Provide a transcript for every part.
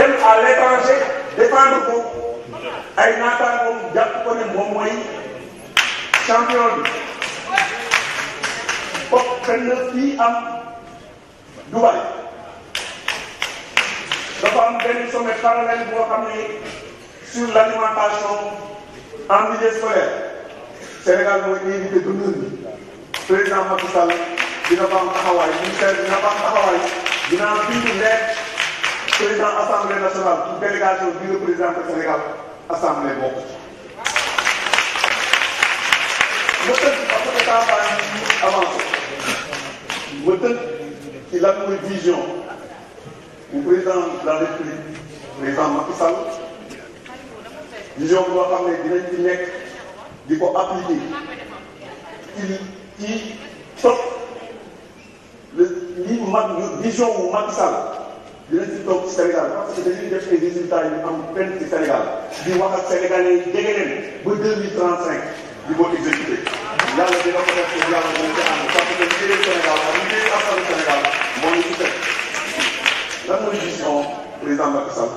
dem à l'étranger défendre ko ay naataangoom jàpp ko ne moom mooy champion bi kooku kenn fii am Dubaï dafa am benn sommet parallèle boo xam ne sur l'alimentation en milieu scolaire Sénégal mooy ñuy invité dundal bi président Macky Sall dina fa am taxawaay ministère dina fa am taxawaay dina am bindu leer. président assemblée nationale délégation bi nga représenté Sénégal assemblée bokk ci. ma tënk parce que campagne bi avancé ma tënk ci lan mooy vision bu président de la République président Macky Sall vision boo xam ne dinañ ci nekk di ko appliquer ci ci topp li mag vision bu Macky Sall. dinañ ci toog ci Sénégal parce que dañuy def ay résultats yu am benn ci Sénégal di wax ak sénégalais yi jege leen ba deux mille trente cinq di ko exécuté yàlla dina ko def yàlla dina ci ànd parce que liggéey Sénégal ak liggéey askanu Sénégal moo ñu ci teg lan mooy vision président Macky Sall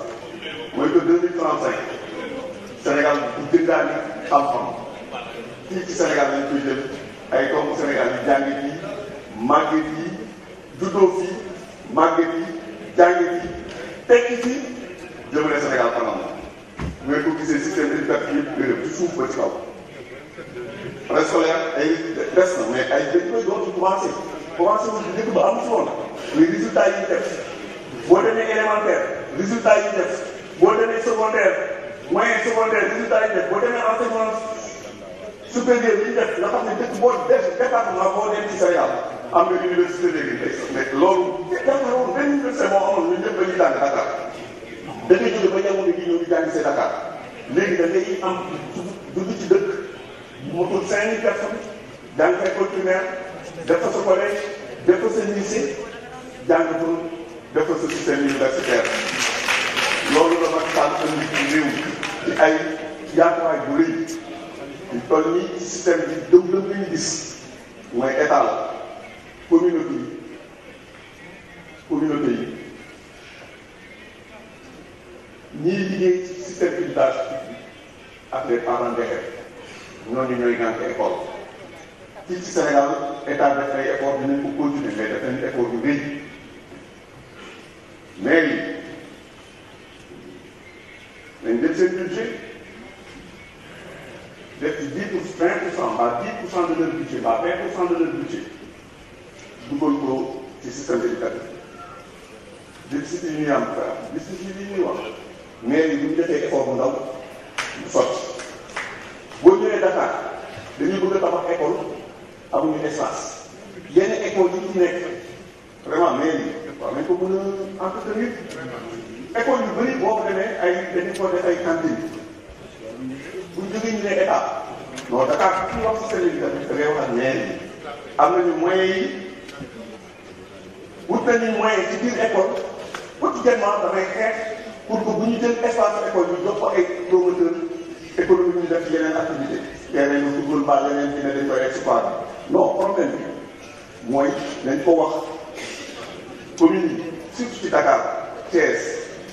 mooy que deux mille trente cinq Sénégal bu gëndaani xam-xam fii ci Sénégal lañ koy jël ay doomu Sénégal yi jàngi fii màgge fii juddoo fii màgge fii tekki ci jëmale Sénégal kanam ngay ko gisee système éducatif bi ci suuf ba ci kaw. presse scolaire ay des na mais ay dañ koy doon commencé commencé wu ñu dëkk ba am solo mais résultat yi def boo demee élémentaire résultat yi def boo demee secondaire moyen secondaire résultat yi def boo demee enseignement supérieur yi def nga xam ne dëkk boo def département boo dem ci Sénégal am na université léegi tey mais loolu. médicalisé Dakar léegi da ngay am dugg ci dëkk mu tudd 5000 personnes jàng fa école primaire def fa sa collège def fa sa lycée universitaire loolu la mag Sall indi ci réew ci ay yaatuwaay bu rëy toll nii ci système bi dëgg-dëgg ñu gis mooy état la communauté yéeg si seen village ak les parents d'élèves ñooñu ñooy gànc école fii ci Sénégal état def ay effort dinañ ko continuer mais def nañu effort yu rëy mais yi nañ jël seen budget def ci dix pour vingt pour cent mbaa dix pour de leur budget mbaa vingt pour de leur budget dugal ko ci système éducatif déficit yi ñuy am mairie bu ñu defee effort bu ndaw du sotti boo ñëwee Dakar dañuy bëgg a tabax école amuñu espace yenn école yi ci nekk vraiment mairie waaw nañ ko mën a entretenir école yu bëri boo ko demee ay dañu ko def ay cantines bu ñu jógee ne état non Dakar ku wax si seen éducation da ngay wax ak mairie yi am nañu moyens yi wut nañu moyen ci biir école quotidiennement damay xeex. pour que bu ñu jël espace école bi jox ko ay promoteur économique ñu def ci yeneen activité yeneen ñu football ba leneen dina dañ koy exploité non problème bi mooy nañ ko wax commune yi surtout ci Dakar Thiès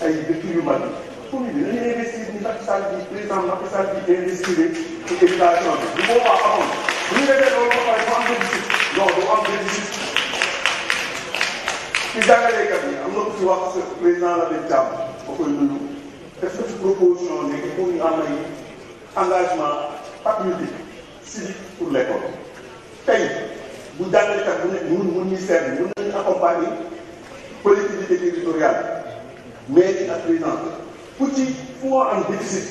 ay dëkk yu mag yi commune bi nañu investir ni Macky Sall bi président Macky Sall bi investir ci éducation bi bu boobaa amoon bu ñu defee loolu ba pare du am déficit non du am déficit ci jàngalekat yi am na ku ci wax président la benn jàmm ma koy nuyu def proposition léegi pour ñu am ay engagement patriotique civique pour l'école tey bu jàngalekat bu nekk mun mun ñu seetlu mun nañu accompagner collectivité territoriale mais ci ak président ku ci foo am déficit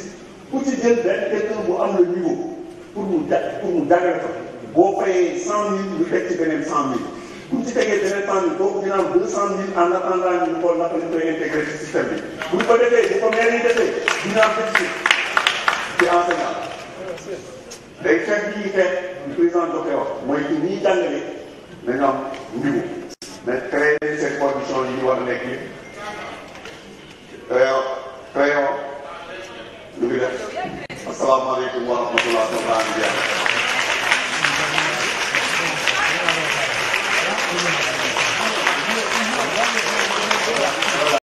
ku ci jël benn quelqu'un bu am le niveau pour mu ja pour mu jàngale ko boo fayee cent mille ñu teg ci beneen cent mille. bu ñu ci tegee délai bi boobu dina am deux cent mille en attendant ñu xool naka lañ koy intégré ci système bi bu ñu ko defee bu ko mel ni defee dina am déficit ci enseignant day fekk yi fekk ñu président da koy wax mooy ci ñiy jàngale nañu am mbiru mais créer seen condition yi ñu war a nekk yëpp créer créer lu ngi def asalaamaaleykum wa rahmatulah wa rahmatulah